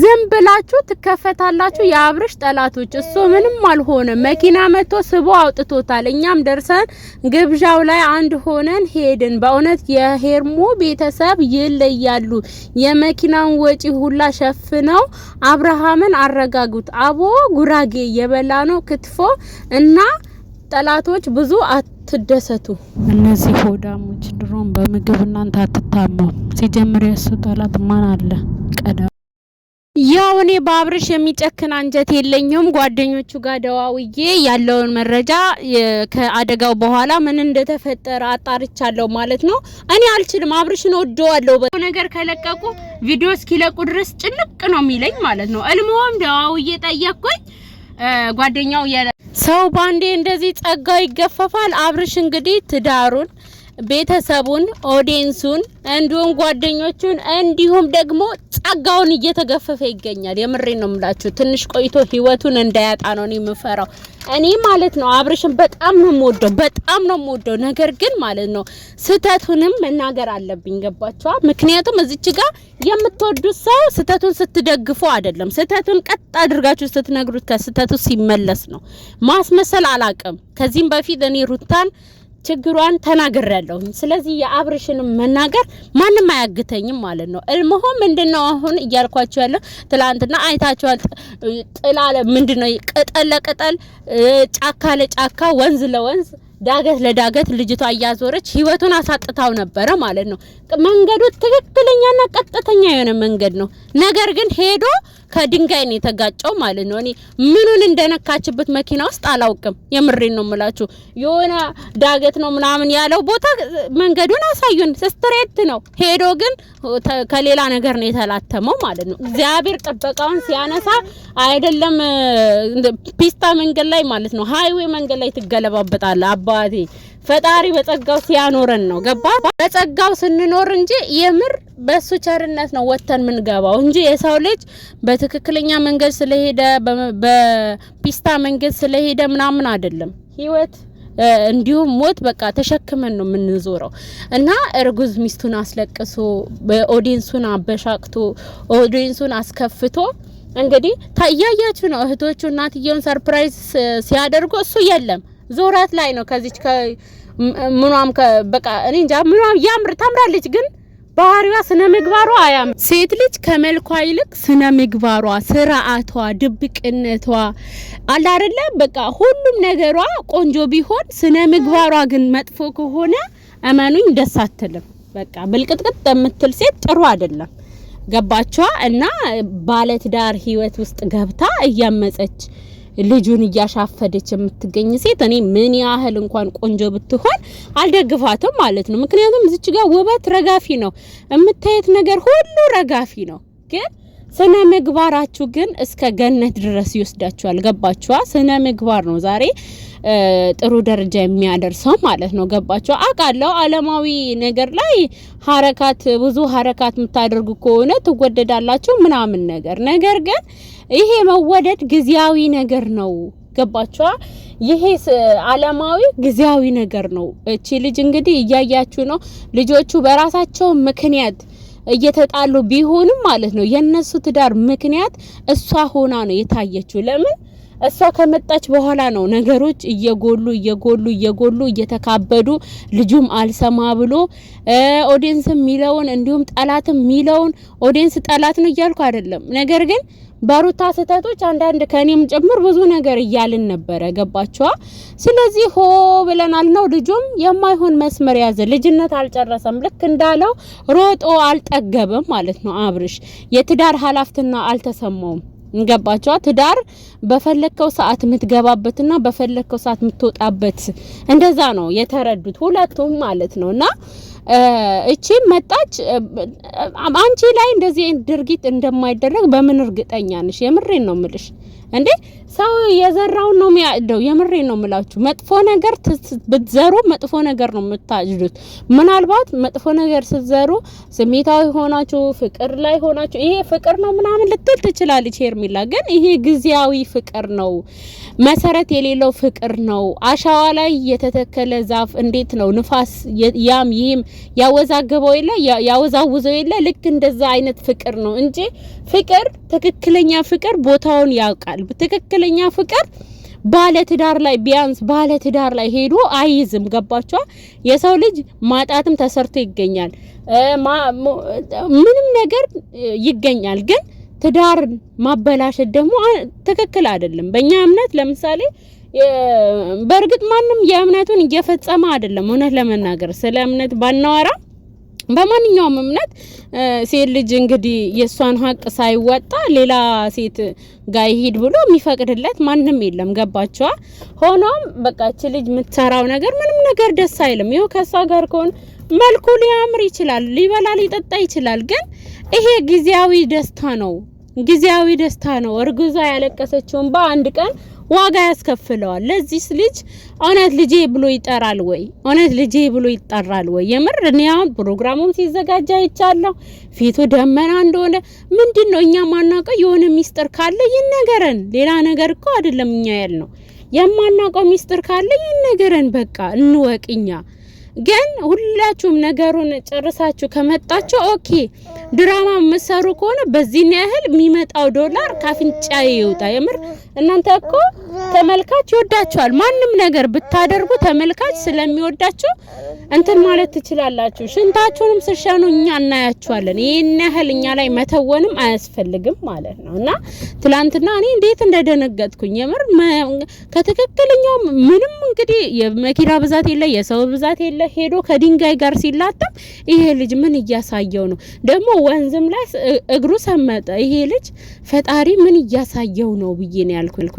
ዝም ብላችሁ ትከፈታላችሁ። የአብርሽ ጠላቶች እሱ ምንም አልሆነ መኪና መጥቶ ስቦ አውጥቶታል። እኛም ደርሰን ግብዣው ላይ አንድ ሆነን ሄድን። በእውነት የሄርሞ ቤተሰብ ይለያሉ። የመኪናውን ወጪ ሁላ ሸፍነው አብርሃምን አረጋጉት። አቦ ጉራጌ የበላ ነው ክትፎ እና ጠላቶች ብዙ አትደሰቱ። እነዚህ ሆዳሞች ድሮም በምግብ እናንተ አትታማም። ሲጀምር የሱ ጠላት ማን አለ? ያው እኔ በአብርሽ የሚጨክን አንጀት የለኝም። ጓደኞቹ ጋር ደዋውዬ ያለውን መረጃ ከአደጋው በኋላ ምን እንደተፈጠረ አጣርቻለሁ ማለት ነው። እኔ አልችልም፣ አብርሽን ወደዋለሁ። ነገር ከለቀቁ ቪዲዮ እስኪለቁ ድረስ ጭንቅ ነው የሚለኝ ማለት ነው። እልሞም ደዋውዬ ጠየቅኩኝ። ጓደኛው ሰው ባንዴ እንደዚህ ጸጋው ይገፈፋል። አብርሽ እንግዲህ ትዳሩን ቤተሰቡን፣ ኦዲንሱን፣ እንዲሁም ጓደኞቹን እንዲሁም ደግሞ ጸጋውን እየተገፈፈ ይገኛል። የምሬ ነው የምላችሁ። ትንሽ ቆይቶ ህይወቱን እንዳያጣ ነው የምፈራው። እኔ ማለት ነው አብርሽን በጣም ነው የምወደው፣ በጣም ነው የምወደው። ነገር ግን ማለት ነው ስህተቱንም መናገር አለብኝ። ገባችኋ? ምክንያቱም እዚች ጋር የምትወዱት ሰው ስህተቱን ስትደግፉ አይደለም፣ ስህተቱን ቀጥ አድርጋችሁ ስትነግሩት ከስህተቱ ሲመለስ ነው። ማስመሰል አላቅም። ከዚህም በፊት እኔ ሩታን ችግሯን ያለሁ ስለዚህ የአብርሽን መናገር ማንም አያግተኝም ማለት ነው። እልምሆ ምንድነው አሁን እያልኳቸው ያለው ትላንትና አይታቸዋል ጥላ ምንድነው ቅጠል ለቅጠል ጫካ ለጫካ ወንዝ ለወንዝ ዳገት ለዳገት ልጅቷ እያዞረች ህይወቱን አሳጥታው ነበረ ማለት ነው። መንገዱ ትክክለኛና ቀጥተኛ የሆነ መንገድ ነው። ነገር ግን ሄዶ ከድንጋይ ነው የተጋጨው ማለት ነው። እኔ ምኑን እንደነካችበት መኪና ውስጥ አላውቅም። የምሬን ነው የምላችሁ። የሆነ ዳገት ነው ምናምን ያለው ቦታ መንገዱን አሳዩን፣ ስትሬት ነው ሄዶ፣ ግን ከሌላ ነገር ነው የተላተመው ማለት ነው። እግዚአብሔር ጥበቃውን ሲያነሳ አይደለም ፒስታ መንገድ ላይ ማለት ነው፣ ሀይዌ መንገድ ላይ ትገለባበጣለ አባቴ ፈጣሪ በጸጋው ሲያኖረን ነው። ገባ? በጸጋው ስንኖር እንጂ የምር በሱ ቸርነት ነው ወጥተን ምንገባው እንጂ የሰው ልጅ በትክክለኛ መንገድ ስለሄደ በፒስታ መንገድ ስለሄደ ምናምን አይደለም ህይወት እንዲሁም ሞት በቃ ተሸክመን ነው የምንዞረው። እና እርጉዝ ሚስቱን አስለቅሶ ኦዲንሱን አበሻቅቶ ኦዲንሱን አስከፍቶ እንግዲህ ታያያችሁ ነው እህቶቹ እናትየውን ሰርፕራይዝ ሲያደርጉ እሱ የለም ዞራት ላይ ነው ከዚች ምኗም በቃ እኔ እንጃ ምኗም ያምር ታምራለች ግን ባህሪዋ ስነ ምግባሯ አያም ሴት ልጅ ከመልኳ ይልቅ ስነ ምግባሯ፣ ስርዓቷ፣ ድብቅነቷ አላደለ በቃ ሁሉም ነገሯ ቆንጆ ቢሆን ስነ ምግባሯ ግን መጥፎ ከሆነ እመኑኝ ደስ አትልም። በቃ ብልቅጥቅጥ የምትል ሴት ጥሩ አይደለም። ገባችኋ? እና ባለትዳር ህይወት ውስጥ ገብታ እያመፀች ልጁን እያሻፈደች የምትገኝ ሴት እኔ ምን ያህል እንኳን ቆንጆ ብትሆን አልደግፋትም ማለት ነው። ምክንያቱም እዚች ጋር ውበት ረጋፊ ነው፣ የምታየት ነገር ሁሉ ረጋፊ ነው። ግን ስነ ምግባራችሁ ግን እስከ ገነት ድረስ ይወስዳችኋል። ገባችኋ? ስነ ምግባር ነው ዛሬ ጥሩ ደረጃ የሚያደርሰው ማለት ነው። ገባችሁ? አውቃለሁ። አለማዊ ነገር ላይ ሀረካት ብዙ ሀረካት የምታደርጉ ከሆነ ትወደዳላችሁ ምናምን ነገር ነገር ግን ይሄ መወደድ ጊዜያዊ ነገር ነው። ገባችኋ? ይሄ አለማዊ ጊዜያዊ ነገር ነው። እቺ ልጅ እንግዲህ እያያችሁ ነው። ልጆቹ በራሳቸው ምክንያት እየተጣሉ ቢሆንም ማለት ነው የነሱ ትዳር ምክንያት እሷ ሆና ነው የታየችው። ለምን እሷ ከመጣች በኋላ ነው ነገሮች እየጎሉ እየጎሉ እየጎሉ እየተካበዱ ልጁም አልሰማ ብሎ ኦዲንስ የሚለውን እንዲሁም ጠላትም የሚለውን ኦዲንስ ጠላት ነው እያልኩ አይደለም፣ ነገር ግን በሩታ ስህተቶች አንዳንድ ከኔም ጭምር ብዙ ነገር እያልን ነበረ። ገባችኋ? ስለዚህ ሆ ብለናል ነው። ልጁም የማይሆን መስመር ያዘ። ልጅነት አልጨረሰም። ልክ እንዳለው ሮጦ አልጠገበም ማለት ነው። አብርሽ የትዳር ኃላፊነትና አልተሰማውም። እንገባቸዋ ትዳር በፈለከው ሰዓት የምትገባበትና በፈለከው ሰዓት የምትወጣበት እንደዛ ነው የተረዱት ሁለቱም ማለት ነውና እቺ መጣች አንቺ ላይ እንደዚህ ድርጊት እንደማይደረግ በምን እርግጠኛ ነሽ? የምሬን ነው ምልሽ እንዴ ሰው የዘራውን ነው የሚያጭደው። የምሬ ነው የምላችሁ። መጥፎ ነገር ብትዘሩ መጥፎ ነገር ነው የምታጭዱት። ምናልባት መጥፎ ነገር ስትዘሩ ስሜታዊ ሆናችሁ ፍቅር ላይ ሆናችሁ ይሄ ፍቅር ነው ምናምን ልትል ትችላለች ሄርሜላ። ግን ይሄ ጊዜያዊ ፍቅር ነው፣ መሰረት የሌለው ፍቅር ነው። አሸዋ ላይ የተተከለ ዛፍ እንዴት ነው ንፋስ ያም ይህም ያወዛገበው የለ ያወዛውዘው የለ ልክ እንደዛ አይነት ፍቅር ነው እንጂ ፍቅር ትክክለኛ ፍቅር ቦታውን ያውቃል። ትክክል ትክክለኛ ፍቅር ባለትዳር ላይ ቢያንስ ባለትዳር ላይ ሄዶ አይዝም። ገባቿ የሰው ልጅ ማጣትም ተሰርቶ ይገኛል፣ ምንም ነገር ይገኛል። ግን ትዳር ማበላሸት ደግሞ ትክክል አይደለም። በእኛ እምነት ለምሳሌ በእርግጥ ማንም የእምነቱን እየፈጸመ አይደለም። እውነት ለመናገር ስለ እምነት ባናወራ በማንኛውም እምነት ሴት ልጅ እንግዲህ የእሷን ሀቅ ሳይወጣ ሌላ ሴት ጋር ይሄድ ብሎ የሚፈቅድለት ማንም የለም። ገባችዋ? ሆኖም በቃ እቺ ልጅ የምትሰራው ነገር ምንም ነገር ደስ አይልም። ይኸው ከእሷ ጋር ከሆን መልኩ ሊያምር ይችላል፣ ሊበላ ሊጠጣ ይችላል። ግን ይሄ ጊዜያዊ ደስታ ነው፣ ጊዜያዊ ደስታ ነው። እርግዟ ያለቀሰችውን በአንድ ቀን ዋጋ ያስከፍለዋል። ለዚህ ልጅ እውነት ልጄ ብሎ ይጠራል ወይ? እውነት ልጄ ብሎ ይጠራል ወይ? የምር እኔ አሁን ፕሮግራሙም ሲዘጋጅ አይቻለሁ። ፊቱ ደመና እንደሆነ ምንድን ነው እኛ ማናውቀው የሆነ ሚስጥር ካለ ይነገረን። ሌላ ነገር እኮ አይደለም እኛ ያልነው። የማናውቀው ሚስጥር ካለ ይነገረን። በቃ እንወቅኛ ግን ሁላችሁም ነገሩን ጨርሳችሁ ከመጣችሁ ኦኬ። ድራማ መሰሩ ከሆነ በዚህ ያህል የሚመጣው ዶላር ካፍንጫ ይውጣ። የምር እናንተ እኮ ተመልካች ይወዳችኋል። ማንም ነገር ብታደርጉ ተመልካች ስለሚወዳችሁ እንትን ማለት ትችላላችሁ። ሽንታችሁንም ስሸኑ እኛ እናያችኋለን። ይህን ያህል እኛ ላይ መተወንም አያስፈልግም ማለት ነው እና ትላንትና እኔ እንዴት እንደደነገጥኩኝ የምር ከትክክለኛው ምንም የመኪና ብዛት የለ፣ የሰው ብዛት የለ። ሄዶ ከድንጋይ ጋር ሲላተም ይሄ ልጅ ምን እያሳየው ነው? ደግሞ ወንዝም ላይ እግሩ ሰመጠ። ይሄ ልጅ ፈጣሪ ምን እያሳየው ነው ብዬ ነው ያልኩልኩ።